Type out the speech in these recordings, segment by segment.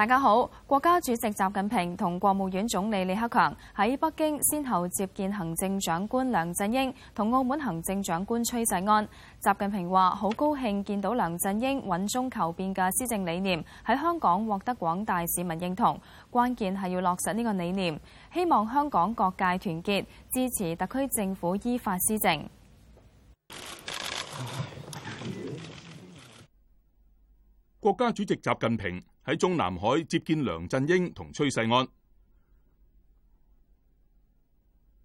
大家好，國家主席習近平同國務院總理李克強喺北京先後接見行政長官梁振英同澳門行政長官崔世安。習近平話：好高興見到梁振英穩中求變嘅施政理念喺香港獲得廣大市民認同，關鍵係要落實呢個理念。希望香港各界團結支持特區政府依法施政。國家主席習近平，喺中南海接見梁振英同崔世安，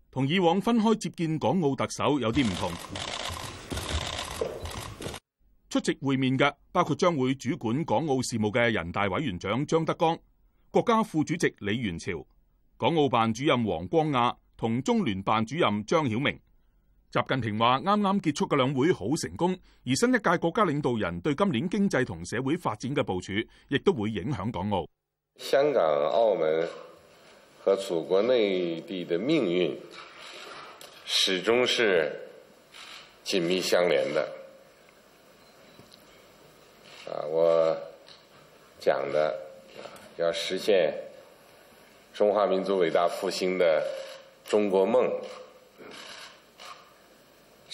同以往分開接見港澳特首有啲唔同。出席會面嘅包括將會主管港澳事務嘅人大委員長張德江、國家副主席李源潮、港澳辦主任王光亞同中聯辦主任張曉明。習近平話：啱啱結束嘅兩會好成功，而新一屆國家領導人對今年經濟同社會發展嘅部署，亦都會影響港澳。香港、澳門和祖國內地的命運始終是緊密相連的。啊，我講的，要實現中華民族偉大復興的中國夢。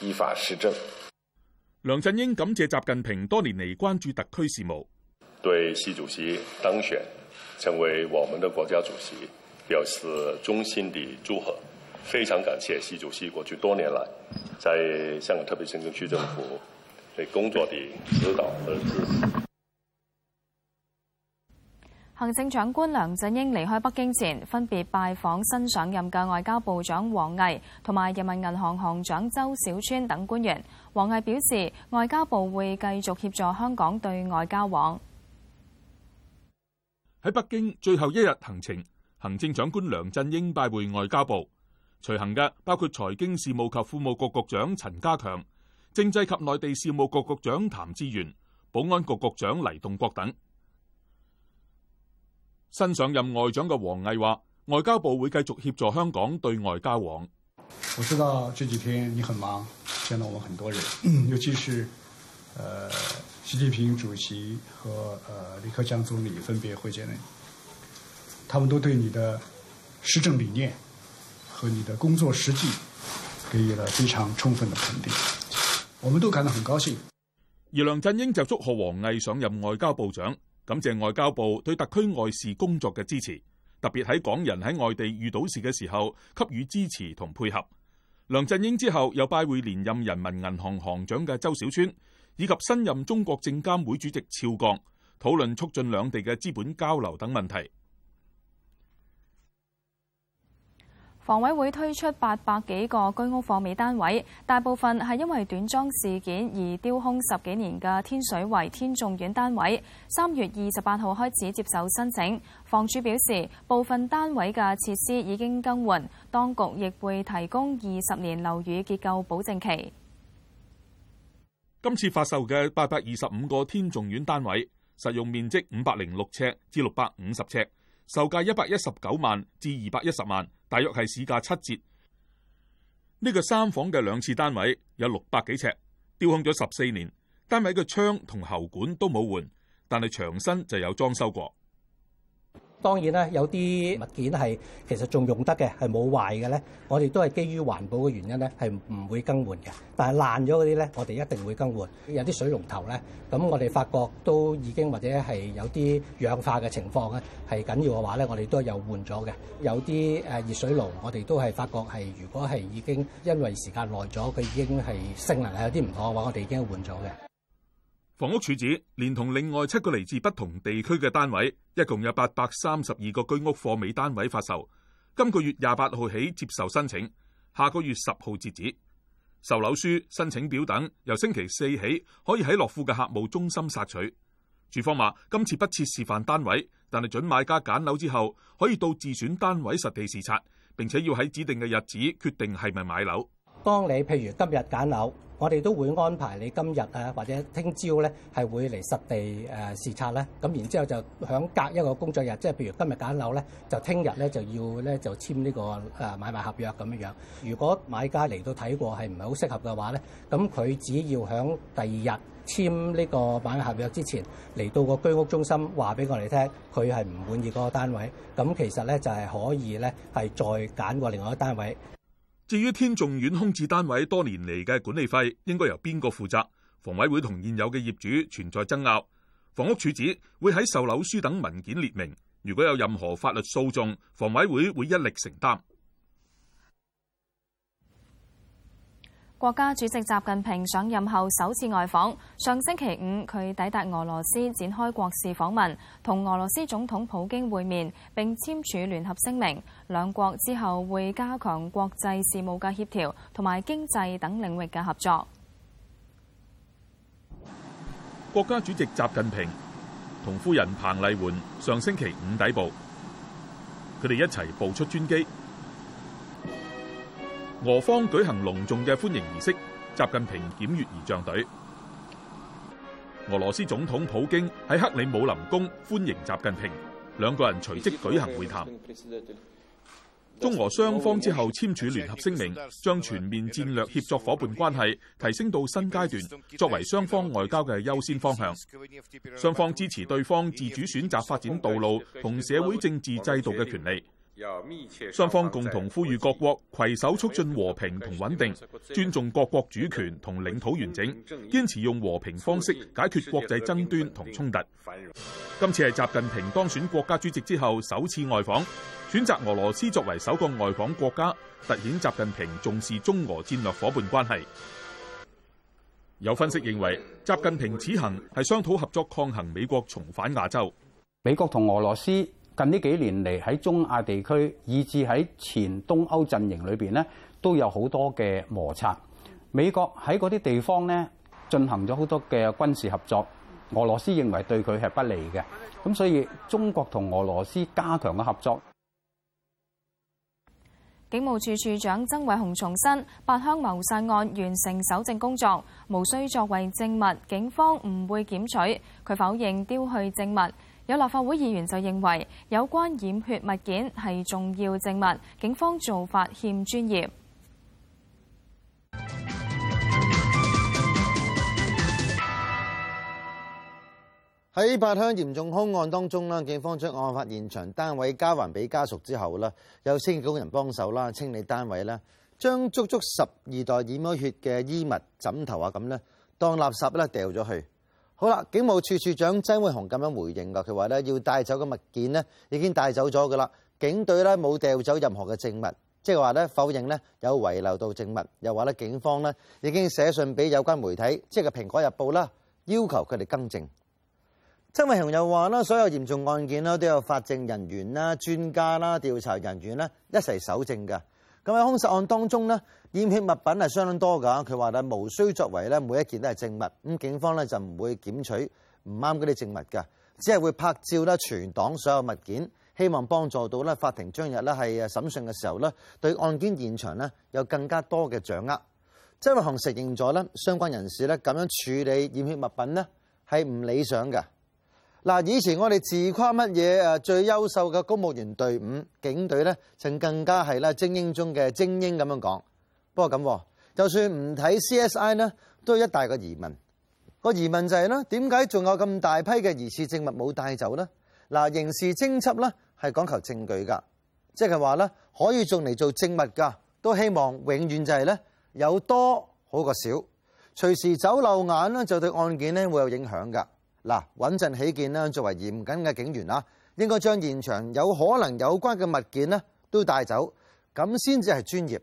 依法施政。梁振英感謝習近平多年嚟關注特區事務。對習主席當選成為我們的國家主席表示衷心的祝賀，非常感謝習主席過去多年來在香港特別行政區政府對工作的指導和支持。行政長官梁振英離開北京前，分別拜訪新上任嘅外交部長王毅，同埋人民銀行行長周小川等官員。王毅表示，外交部會繼續協助香港對外交往。喺北京最後一日行程，行政長官梁振英拜會外交部，隨行嘅包括財經事務及庫務局局長陳家強、政制及內地事務局局長譚志源、保安局局長黎棟國等。新上任外長嘅王毅話，外交部會繼續協助香港對外交往。我知道這幾天你很忙，見到我們很多人，尤其是，呃，習近平主席和呃李克強總理分別會見你，他們都對你的施政理念和你的工作實際給予了非常充分的肯定，我們都感到很高興。而梁振英就祝賀王毅上任外交部長。感謝外交部對特區外事工作嘅支持，特別喺港人喺外地遇到事嘅時候給予支持同配合。梁振英之後又拜會連任人民銀行行長嘅周小川，以及新任中國證監會主席肖鋼，討論促進兩地嘅資本交流等問題。房委會推出八百幾個居屋貨尾單位，大部分係因為短樁事件而丟空十幾年嘅天水圍天頌苑單位。三月二十八號開始接受申請，房署表示部分單位嘅設施已經更換，當局亦會提供二十年樓宇結構保證期。今次發售嘅八百二十五個天頌苑單位，實用面積五百零六尺至六百五十尺，售價一百一十九萬至二百一十萬。大約係市價七折，呢個三房嘅兩次單位有六百幾尺，丟空咗十四年，單位嘅窗同喉管都冇換，但係牆身就有裝修過。當然啦，有啲物件係其實仲用得嘅，係冇壞嘅咧，我哋都係基於環保嘅原因咧，係唔會更換嘅。但係爛咗嗰啲咧，我哋一定會更換。有啲水龍頭咧，咁我哋發覺都已經或者係有啲氧化嘅情況咧，係緊要嘅話咧，我哋都有換咗嘅。有啲誒熱水爐，我哋都係發覺係如果係已經因為時間耐咗，佢已經係性能係有啲唔妥嘅話，我哋已經換咗嘅。房屋署指連同另外七個嚟自不同地區嘅單位，一共有八百三十二個居屋貨尾單位發售。今個月廿八號起接受申請，下個月十號截止。售樓書、申請表等由星期四起可以喺樂富嘅客務中心索取。署方話今次不設示範單位，但係准買家揀樓之後，可以到自選單位實地視察，並且要喺指定嘅日子決定係咪買樓。當你譬如今日揀樓。我哋都會安排你今日啊，或者聽朝咧，係會嚟實地誒視察咧。咁然之後就響隔一個工作日，即係譬如今日揀樓咧，就聽日咧就要咧就簽呢個誒買賣合約咁樣樣。如果買家嚟到睇過係唔係好適合嘅話咧，咁佢只要響第二日簽呢個買賣合約之前嚟到個居屋中心話俾我哋聽，佢係唔滿意嗰個單位。咁其實咧就係可以咧係再揀過另外一個單位。至於天頌苑空置單位多年嚟嘅管理費，應該由邊個負責？房委會同現有嘅業主存在爭拗。房屋署指會喺售樓書等文件列明，如果有任何法律訴訟，房委會會一力承擔。國家主席習近平上任後首次外訪，上星期五佢抵達俄羅斯展開國事訪問，同俄羅斯總統普京會面，並簽署聯合聲明。兩國之後會加強國際事務嘅協調同埋經濟等領域嘅合作。國家主席習近平同夫人彭麗媛上星期五抵埗，佢哋一齊步出專機。俄方舉行隆重嘅歡迎儀式，習近平檢閱儀仗隊。俄羅斯總統普京喺克里姆林宮歡迎習近平，兩個人隨即舉行會談。中俄雙方之後簽署聯合聲明，將全面戰略協作夥伴關係提升到新階段，作為雙方外交嘅優先方向。雙方支持對方自主選擇發展道路同社會政治制度嘅權利。雙方共同呼籲各國攜手促進和平同穩定，尊重各國主權同領土完整，堅持用和平方式解決國際爭端同衝突。今次係習近平當選國家主席之後首次外訪，選擇俄羅斯作為首個外訪國家，凸顯習近平重視中俄戰略夥伴關係。有分析認為，習近平此行係商討合作抗衡美國重返亞洲。美國同俄羅斯。近呢幾年嚟喺中亞地區，以至喺前東歐陣營裏面都有好多嘅摩擦。美國喺嗰啲地方咧進行咗好多嘅軍事合作，俄羅斯認為對佢係不利嘅，咁所以中國同俄羅斯加強咗合作。警務處處長曾偉雄重申，八鄉謀殺案完成搜證工作，無需作為證物，警方唔會檢取。佢否認丟去證物。有立法會議員就認為，有關染血物件係重要證物，警方做法欠專業。喺八鄉嚴重兇案當中啦，警方將案發現場單位交還俾家屬之後啦，有施工人幫手啦清理單位啦，將足足十二袋染咗血嘅衣物、枕頭啊咁咧，當垃圾啦掉咗去。好啦，警務處處長曾偉雄咁樣回應噶，佢話咧要帶走嘅物件咧已經帶走咗噶啦，警隊咧冇掉走任何嘅證物，即係話咧否認咧有遺留到證物，又話咧警方咧已經寫信俾有關媒體，即係《蘋果日報》啦，要求佢哋更正。曾偉雄又話啦，所有嚴重案件啦，都有法證人員啦、專家啦、調查人員咧一齊搜證噶。咁喺兇殺案當中呢，染血物品係相當多㗎。佢話咧，無需作為咧，每一件都係證物。咁警方咧就唔會檢取唔啱嗰啲證物㗎，只係會拍照啦，存檔所有物件，希望幫助到咧法庭將日咧係審訊嘅時候咧，對案件現場咧有更加多嘅掌握。周立航承認咗咧，相關人士咧咁樣處理染血物品咧係唔理想嘅。嗱，以前我哋自誇乜嘢？誒，最優秀嘅公務員隊伍、警隊呢，就更加係啦，精英中嘅精英咁樣講。不過咁，就算唔睇 C.S.I. 呢，都有一大個疑問。個疑問就係呢，點解仲有咁大批嘅疑似證物冇帶走呢？嗱，刑事偵緝呢係講求證據㗎，即係話呢可以做嚟做證物㗎，都希望永遠就係呢有多好過少。隨時走漏眼呢，就對案件呢會有影響㗎。嗱，穩陣起見啦，作為嚴謹嘅警員啦，應該將現場有可能有關嘅物件呢都帶走，咁先至係專業。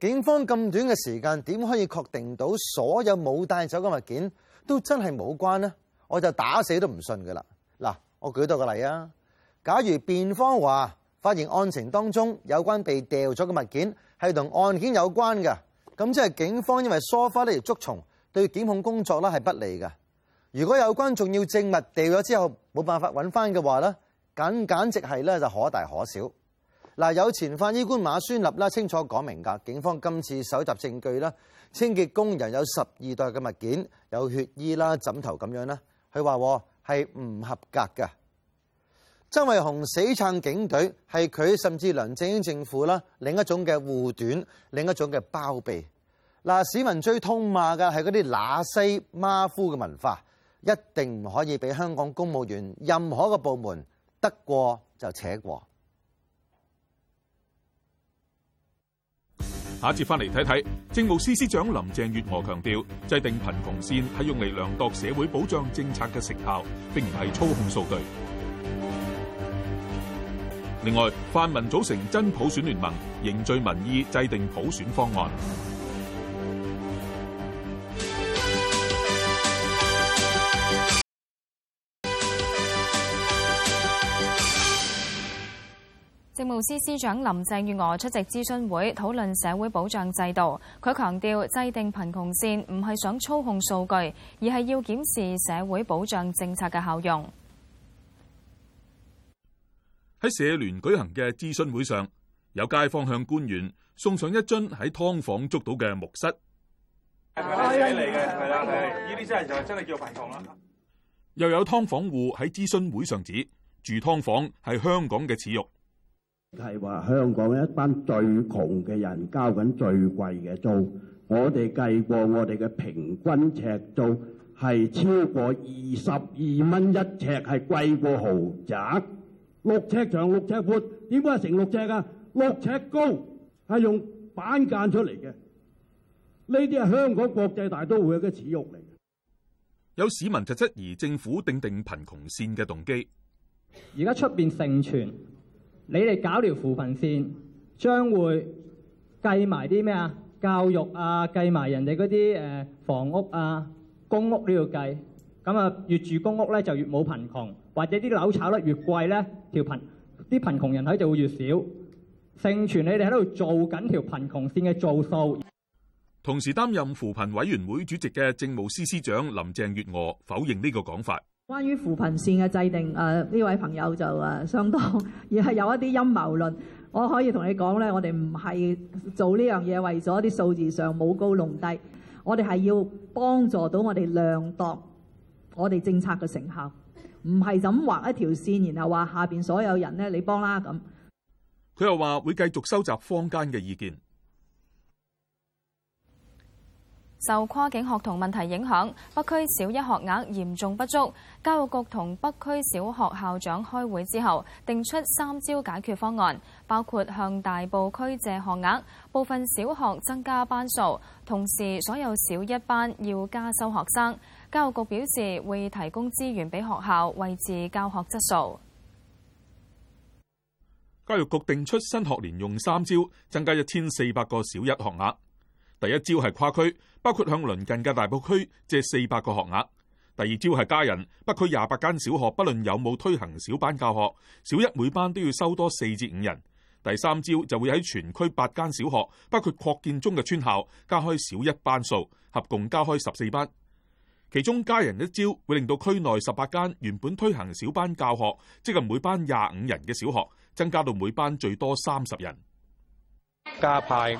警方咁短嘅時間，點可以確定到所有冇帶走嘅物件都真係冇關呢？我就打死都唔信噶啦！嗱，我舉多個例啊。假如辯方話發現案情當中有關被掉咗嘅物件係同案件有關嘅，咁即係警方因為疏忽呢條捉蟲，對檢控工作呢係不利嘅。如果有關重要證物掉咗之後冇辦法揾翻嘅話咧，簡簡直係咧就可大可小嗱。有前法醫官馬宣立啦，清楚講明㗎，警方今次搜集證據啦，清潔工人有十二袋嘅物件，有血衣啦、枕頭咁樣啦，佢話係唔合格嘅。曾偉雄死撐警隊係佢甚至梁振英政府啦，另一種嘅護短，另一種嘅包庇嗱。市民最痛罵嘅係嗰啲乸西馬夫嘅文化。一定唔可以俾香港公務員任何個部門得過就扯過。下一節翻嚟睇睇，政務司司長林鄭月娥強調，制定貧窮線係用嚟量度社會保障政策嘅成效，並唔係操控數據。另外，泛民組成真普選聯盟，凝聚民意，制定普選方案。政務司司長林鄭月娥出席諮詢會，討論社會保障制度。佢強調，制定貧窮線唔係想操控數據，而係要檢視社會保障政策嘅效用。喺社聯舉行嘅諮詢會上，有街坊向官員送上一樽喺劏房捉到嘅木虱。又有劏房戶喺諮詢會上指，住劏房係香港嘅恥辱。係話香港一班最窮嘅人交緊最貴嘅租，我哋計過我哋嘅平均尺租係超過二十二蚊一尺，係貴過豪宅六六六。六尺長、六尺闊，點解成六尺㗎？六尺高係用板間出嚟嘅，呢啲係香港國際大都會嘅恥辱嚟嘅。有市民就質疑政府定定貧窮線嘅動機。而家出面盛傳。你哋搞條扶貧線，將會計埋啲咩啊？教育啊，計埋人哋嗰啲誒房屋啊、公屋都要計。咁啊，越住公屋咧就越冇貧窮，或者啲樓炒得越貴咧，條貧啲貧窮人口就會越少。盛傳你哋喺度做緊條貧窮線嘅做數。同時擔任扶貧委員會主席嘅政務司司長林鄭月娥否認呢個講法。關於扶貧線嘅制定，誒呢位朋友就誒相當而係有一啲陰謀論。我可以同你講咧，我哋唔係做呢樣嘢為咗啲數字上冇高弄低，我哋係要幫助到我哋量度我哋政策嘅成效，唔係就咁畫一條線，然後話下邊所有人咧你幫啦咁。佢又話會繼續收集坊間嘅意見。受跨境學童問題影響，北區小一學額嚴重不足。教育局同北區小學校長開會之後，定出三招解決方案，包括向大埔區借學額、部分小學增加班數，同時所有小一班要加收學生。教育局表示會提供資源俾學校，維持教學質素。教育局定出新學年用三招，增加一千四百個小一學額。第一招係跨區，包括向鄰近嘅大埔區借四百個學額。第二招係加人，北區廿八間小學不論有冇推行小班教學，小一每班都要收多四至五人。第三招就會喺全區八間小學，包括擴建中嘅村校，加開小一班數，合共加開十四班。其中加人一招會令到區內十八間原本推行小班教學，即係每班廿五人嘅小學，增加到每班最多三十人。加派。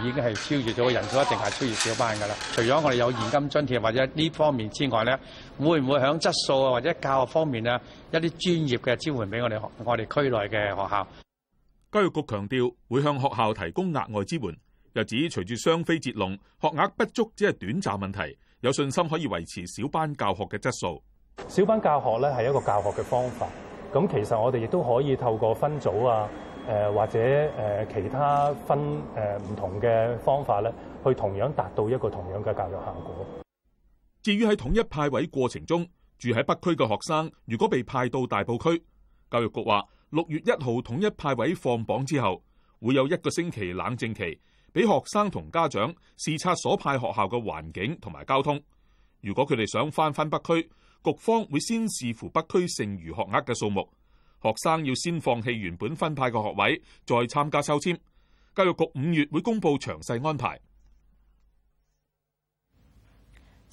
已經係超越咗個人數，一定係超越小班㗎啦。除咗我哋有現金津貼或者呢方面之外咧，會唔會響質素啊或者教學方面啊，一啲專業嘅支援俾我哋學我哋區內嘅學校？教育局強調會向學校提供額外支援，又指隨住雙非截龍學額不足只係短暫問題，有信心可以維持小班教學嘅質素。小班教學咧係一個教學嘅方法，咁其實我哋亦都可以透過分組啊。或者其他分誒唔同嘅方法咧，去同樣達到一個同樣嘅教育效果。至於喺統一派位過程中，住喺北區嘅學生，如果被派到大埔區，教育局話六月一號統一派位放榜之後，會有一個星期冷靜期，俾學生同家長視察所派學校嘅環境同埋交通。如果佢哋想翻返北區，局方會先視乎北區剩餘學額嘅數目。學生要先放棄原本分派嘅學位，再參加抽籤。教育局五月會公布詳細安排。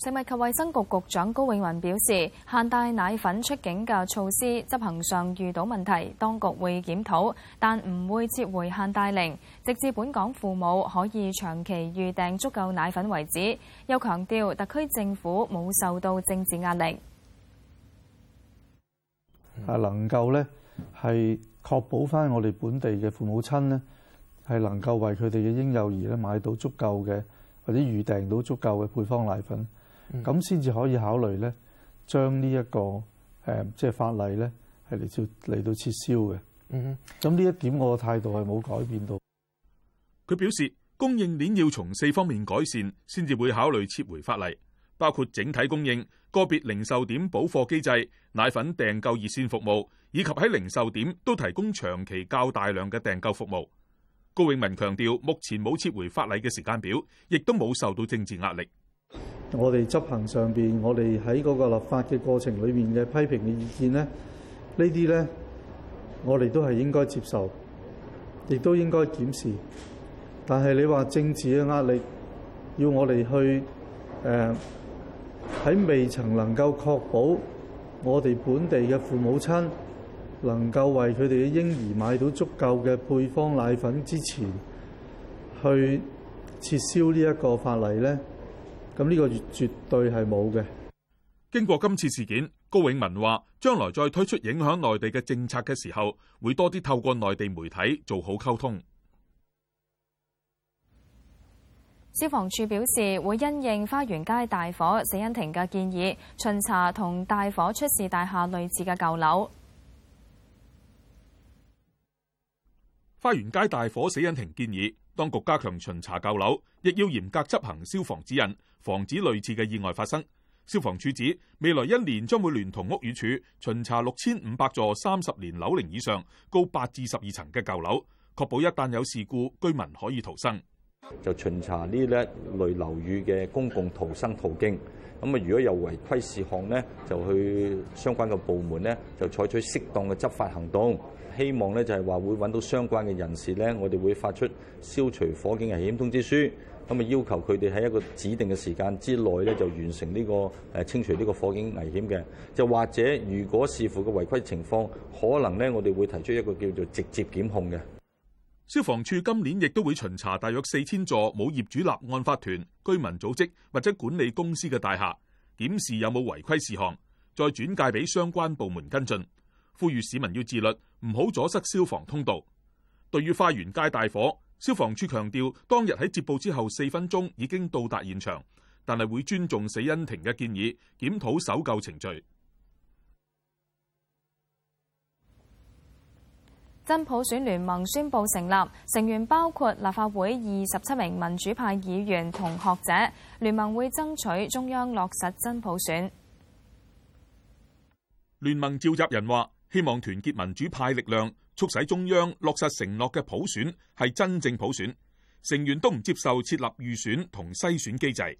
食物及衛生局局長高永文表示，限帶奶粉出境嘅措施執行上遇到問題，當局會檢討，但唔會撤回限帶令，直至本港父母可以長期預訂足夠奶粉為止。又強調特區政府冇受到政治壓力。係能夠咧，係確保返我哋本地嘅父母親咧，係能夠為佢哋嘅嬰幼兒咧買到足夠嘅，或者預訂到足夠嘅配方奶粉，咁先至可以考慮咧，將呢一個誒即係法例咧係嚟到嚟到撤銷嘅。嗯哼，咁呢一點我嘅態度係冇改變到。佢表示供應鏈要從四方面改善，先至會考慮撤回法例。包括整體供應、個別零售點補貨機制、奶粉訂購熱線服務，以及喺零售點都提供長期較大量嘅訂購服務。高永文強調，目前冇撤回法例嘅時間表，亦都冇受到政治壓力。我哋執行上面，我哋喺嗰個立法嘅過程裏面嘅批評嘅意見呢，呢啲呢，我哋都係應該接受，亦都應該檢視。但係你話政治嘅壓力，要我哋去誒？呃喺未曾能夠確保我哋本地嘅父母親能夠為佢哋嘅嬰兒買到足夠嘅配方奶粉之前，去撤銷呢一個法例咧，咁呢個絕絕對係冇嘅。經過今次事件，高永文話將來再推出影響內地嘅政策嘅時候，會多啲透過內地媒體做好溝通。消防處表示，會因應花園街大火死因庭嘅建議，巡查同大火出事大廈類似嘅舊樓。花園街大火死因庭建議，當局加強巡查舊樓，亦要嚴格執行消防指引，防止類似嘅意外發生。消防處指，未來一年將會聯同屋宇署巡查六千五百座三十年樓齡以上、高八至十二層嘅舊樓，確保一旦有事故，居民可以逃生。就巡查呢一類樓宇嘅公共逃生途徑，咁啊，如果有違規事項咧，就去相關嘅部門咧，就採取適當嘅執法行動，希望咧就係話會揾到相關嘅人士咧，我哋會發出消除火警危險通知書，咁啊，要求佢哋喺一個指定嘅時間之內咧，就完成呢個誒清除呢個火警危險嘅，就或者如果視乎個違規情況，可能咧我哋會提出一個叫做直接檢控嘅。消防處今年亦都會巡查大約四千座冇業主立案法團、居民組織或者管理公司嘅大廈，檢視有冇違規事項，再轉介俾相關部門跟進。呼籲市民要自律，唔好阻塞消防通道。對於花園街大火，消防處強調當日喺接報之後四分鐘已經到達現場，但係會尊重死因庭嘅建議，檢討搜救程序。真普選聯盟宣布成立，成員包括立法會二十七名民主派議員同學者。聯盟會爭取中央落實真普選。聯盟召集人話：希望團結民主派力量，促使中央落實承諾嘅普選係真正普選。成員都唔接受設立預選同篩選機制。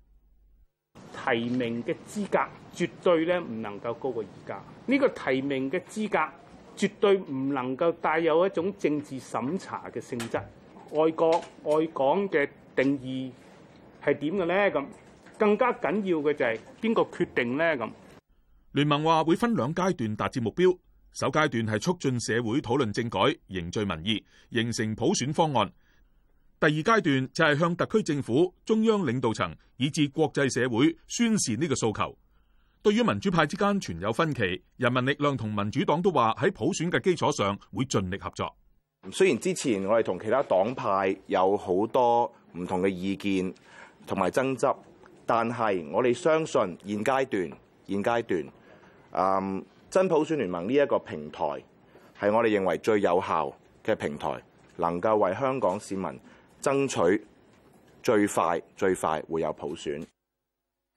提名嘅資格絕對咧唔能夠高過而家呢個提名嘅資格。絕對唔能夠帶有一種政治審查嘅性質，愛國愛港嘅定義係點嘅呢？咁更加緊要嘅就係邊個決定呢？咁聯盟話會分兩階段達至目標，首階段係促進社會討論政改，凝聚民意，形成普選方案；第二階段就係向特區政府、中央領導層以至國際社會宣示呢個訴求。對於民主派之間存有分歧，人民力量同民主黨都話喺普選嘅基礎上會盡力合作。雖然之前我哋同其他黨派有好多唔同嘅意見同埋爭執，但係我哋相信現階段現階段，啊，真普選聯盟呢一個平台係我哋認為最有效嘅平台，能夠為香港市民爭取最快最快會有普選。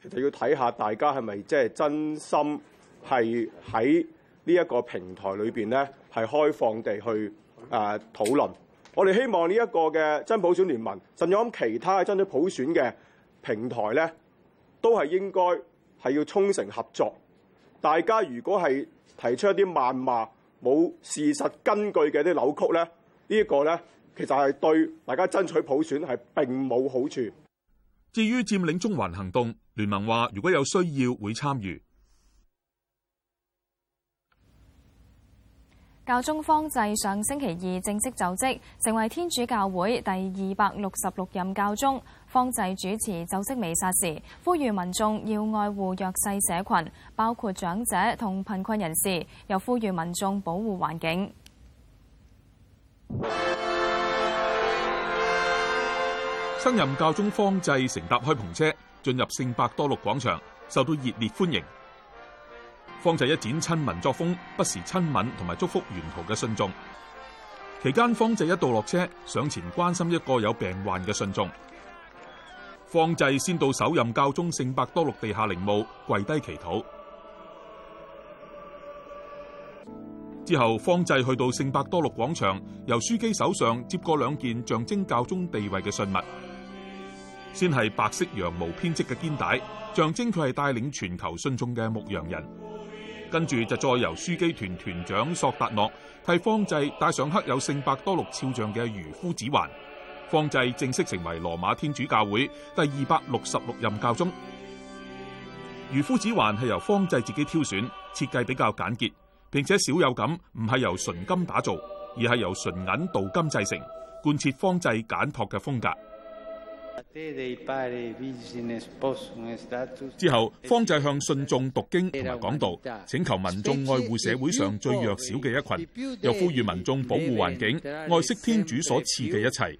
其實要睇下大家係咪即係真心係喺呢一個平台裏邊咧，係開放地去誒討論。我哋希望呢一個嘅真普選聯盟，甚至咁其他嘅爭取普選嘅平台咧，都係應該係要衷誠合作。大家如果係提出一啲謾罵冇事實根據嘅啲扭曲咧，呢一個咧其實，係對大家爭取普選係並冇好處。至於佔領中環行動，聯盟話如果有需要會參與。教宗方濟上星期二正式就職，成為天主教會第二百六十六任教宗。方濟主持就職彌撒時，呼籲民眾要愛護弱勢社群，包括長者同貧困人士，又呼籲民眾保護環境。新任教宗方濟乘搭開篷車進入聖伯多祿廣場，受到熱烈歡迎。方濟一展親民作風，不時親吻同埋祝福沿途嘅信眾。期間，方濟一度落車上前關心一個有病患嘅信眾。方濟先到首任教宗聖伯多祿地下陵墓跪低祈禱，之後方濟去到聖伯多祿廣場，由樞機手上接過兩件象徵教宗地位嘅信物。先係白色羊毛編織嘅肩帶，象徵佢係帶領全球信眾嘅牧羊人。跟住就再由樞機團團長索達諾替方濟戴上刻有聖伯多祿肖像嘅漁夫指環，方濟正式成為羅馬天主教會第二百六十六任教宗。漁夫指環係由方濟自己挑選，設計比較簡潔，並且少有感，唔係由純金打造，而係由純銀鍍金製成，貫徹方濟簡樸嘅風格。之後，方濟向信眾讀經同埋講道，請求民眾愛護社會上最弱小嘅一羣，又呼籲民眾保護環境，愛惜天主所賜嘅一切。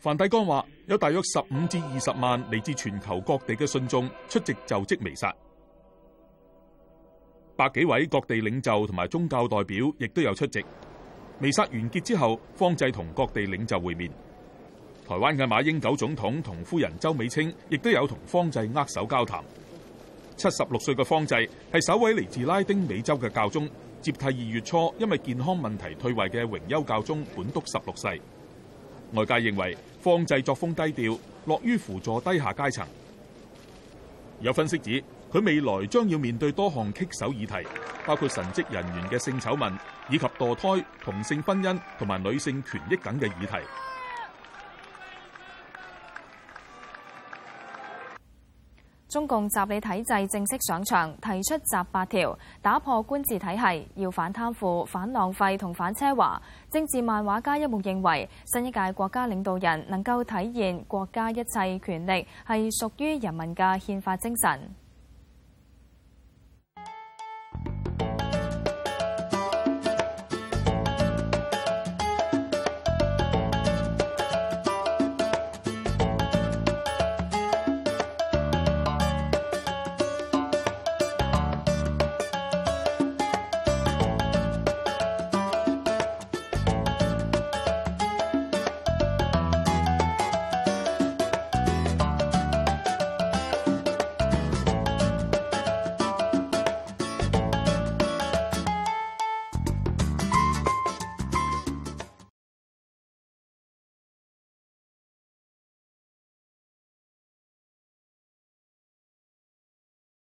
梵蒂岡話有大約十五至二十萬嚟自全球各地嘅信眾出席就職彌撒，百幾位各地領袖同埋宗教代表亦都有出席。彌撒完結之後，方濟同各地領袖會面。台灣嘅馬英九總統同夫人周美青亦都有同方濟握手交談。七十六歲嘅方濟係首位嚟自拉丁美洲嘅教宗，接替二月初因為健康問題退位嘅榮休教宗本篤十六世。外界認為方濟作風低調，樂於輔助低下階層。有分析指，佢未來將要面對多項棘手議題，包括神職人員嘅性醜聞，以及墮胎、同性婚姻同埋女性權益等嘅議題。中共習李體制正式上場，提出習八條，打破官治體系，要反貪腐、反浪費同反奢華。政治漫畫家一目認為，新一屆國家領導人能夠體現國家一切權力係屬於人民嘅憲法精神。